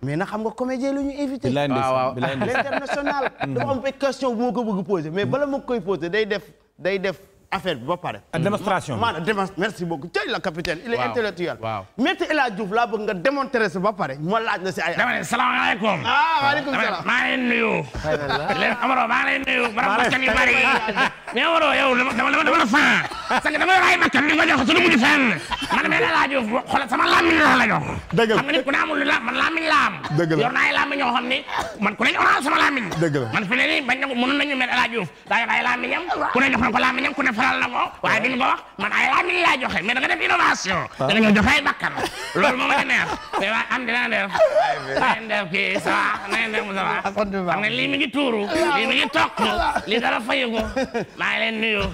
mais na xam nga comédien lu ñu invité. Ah, waaw waaw l'international. Mm-hmm. dafa am question bu ma ko bëgg poser mais bala ma koy poser day def day def affaire bi ba pare. Ah, démonstration maanaam démonstration merci beaucoup tey la capitaine. il est intellectuel. waaw maître El Hadj Diouf laa bëgg ba pare. ma laaj na si ay. dama ne salaamaaleykum. ah waaleykum salaam maa ngi nuyu. leen Amaro maa ngi lay nuyu. maa ngi lay nuyu maa ngi lay nuyu. mais Amaro yow dama dama la faa. parce que dama yor ay bakkan di nga jox su du mujj fenn man mii la laa jox xool sama làmmiñ la la jox. dëgg la xam nga nit ku ne amul la man làmmiñ la am. dëgg la yor naa ay làmmiñ yoo xam ni man ku ne ñu oral sama làmmiñ. dëgg la man fi ne nii bañ na ko mënoon nañu mel El Hadj Diouf daa yor ay làmmiñam ku ne jox na ko làmmiñam ku ne faral na ko waaye duñu ko wax man ay làmmiñ laa joxe mais da nga def innovation. da nga ñëw joxe ay bakkan loolu moo ma di neex mais waa am dina def. na ngeen def kii ça va na ngeen def ça va. Ah, xam nga lii mi ngi tuuru lii mi ngi toq lii dara fayu ko maa ngi leen nuyu.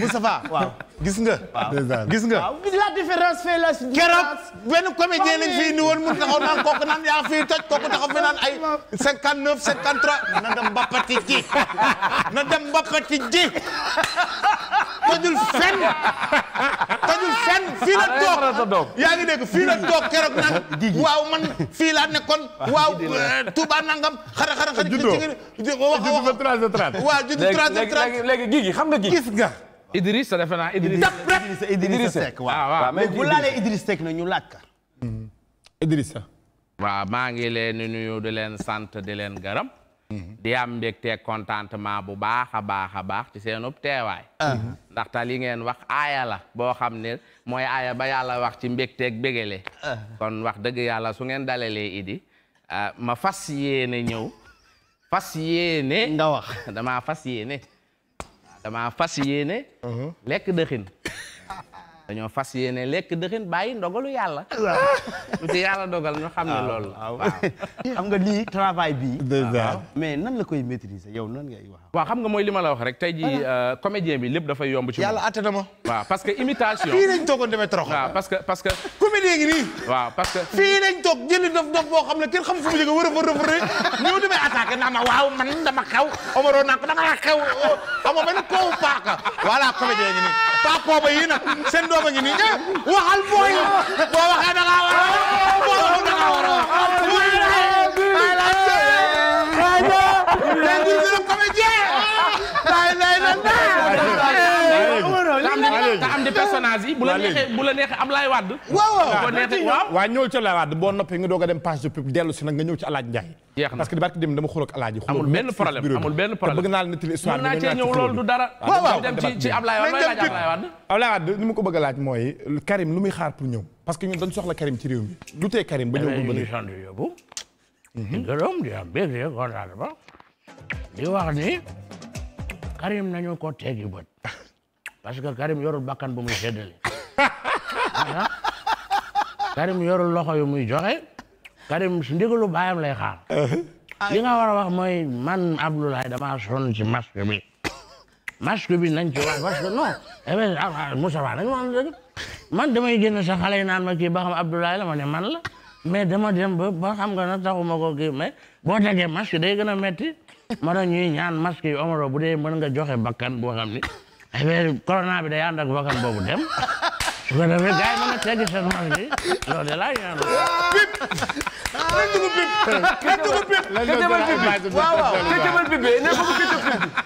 Moustapha waaw gis nga. waaw gis nga. la différence fait la différence. benn comédien lañ fii ni woon mu taxaw naan kooku naan yaa fii toj kooku taxaw fi naan ay. 59 53 na dem mbappati ji na dem mbappati ji tojul fenn tojul fenn fii la ah, yaa ngi dégg fii la toog keroog naan waaw man fii laa nekkoon ah, waaw euh, Touba nangam xara xara xara juddoo juddoo ba 3h30 waaw juddoo 3h30 léegi léegi gigi xam nga gigi gis nga Idrissa defe naa Idrissa Idrissa Seck ah, waaw waaw mais bu laalee mhm. maa ngi leen di di leen sant di leen gërëm. Mhm. di am mbégte contentement bu baax a baax a baax ci seenub teewaay. Mhm. ndaxta li ngeen wax aaya la boo xam ne mooy aaya ba yàlla wax ci mbégteeg bégele. Ah. kon wax dëgg yàlla su ngeen dalalee Idi ah, ma fas yéene ñëw fas yéene. nga wax damaa fas yéene. damaa fas yéene. lekk dëxin. dañoo fas yéene lekk dëxin bàyyi ndogalu yàlla. lu ci yàlla dogal ñu xam ne loolu la. waaw xam nga lii travail bi mais nan la koy maîtriser yow nan ngay wax. waaw xam nga mooy li ma la wax rek tey jii euh, comédien bi lépp dafay yomb ci. yàlla àtte na ma. waaw parce que imitation. fii lañ toogoon demee trop. waaw parce que parce nii. waaw parce fii lañ toog jëli dof dof boo xam ne kenn xam fu mu jógee wërëb wërëb rek. paaka naan ma waaw man dama xew Omaro naan ko da ngaa xew xam nga benn koowu paaka voilà comédien ngi nii paa pooba yi nag seen doom a ngi nii waxal booy boo waxee da ngaa war a wax boo waxul da ngaa war a wax te am di personnage yi neexee bu la neexee waaw waaw waaw ñëw ci Ablaye Wade boo noppee nga doog a dem page de pub dellu si nag nga ñëw ci Alaaji Njaay jeex na parce que di barki dem dama xuloo ak Alaaji amul benn problème amul benn ni ma ko bëgg laaj mooy Karim lu muy xaar pour ñëw parce que ñun dañ soxla Karim ci réew mi lu tee Karim ba ñëwul ba léegi yóbbu gërëm di wax ni Karim nañu ko teggi bët parce que Karim yorul bakkan bu muy séddale ah? Karim yorul loxo yu muy joxe Karim ndigalu baayam lay xaar uh-huh. li nga war wax mooy man Abdoulaye dama sonn ci masque bi masque bi nañ ci wax parce que non eh ah, ah, Moussa Ba nañ wax dëgg man damay sa xale yi naan ma kii ba xam Abdoulaye la ma ne man la mais dama dem ba ba xam nga na taxuma ko kii mais boo tegee masque day gën a metti ma ñuy ñaan masque yi Omaro bu dee mën nga joxe bakkan boo xam ni affaire corona bi day ànd ak bakkan boobu dem su ko defee gars yi mën na teggi de laa ñaan pip nañ dugg pip nañ dugg pip waaw waaw te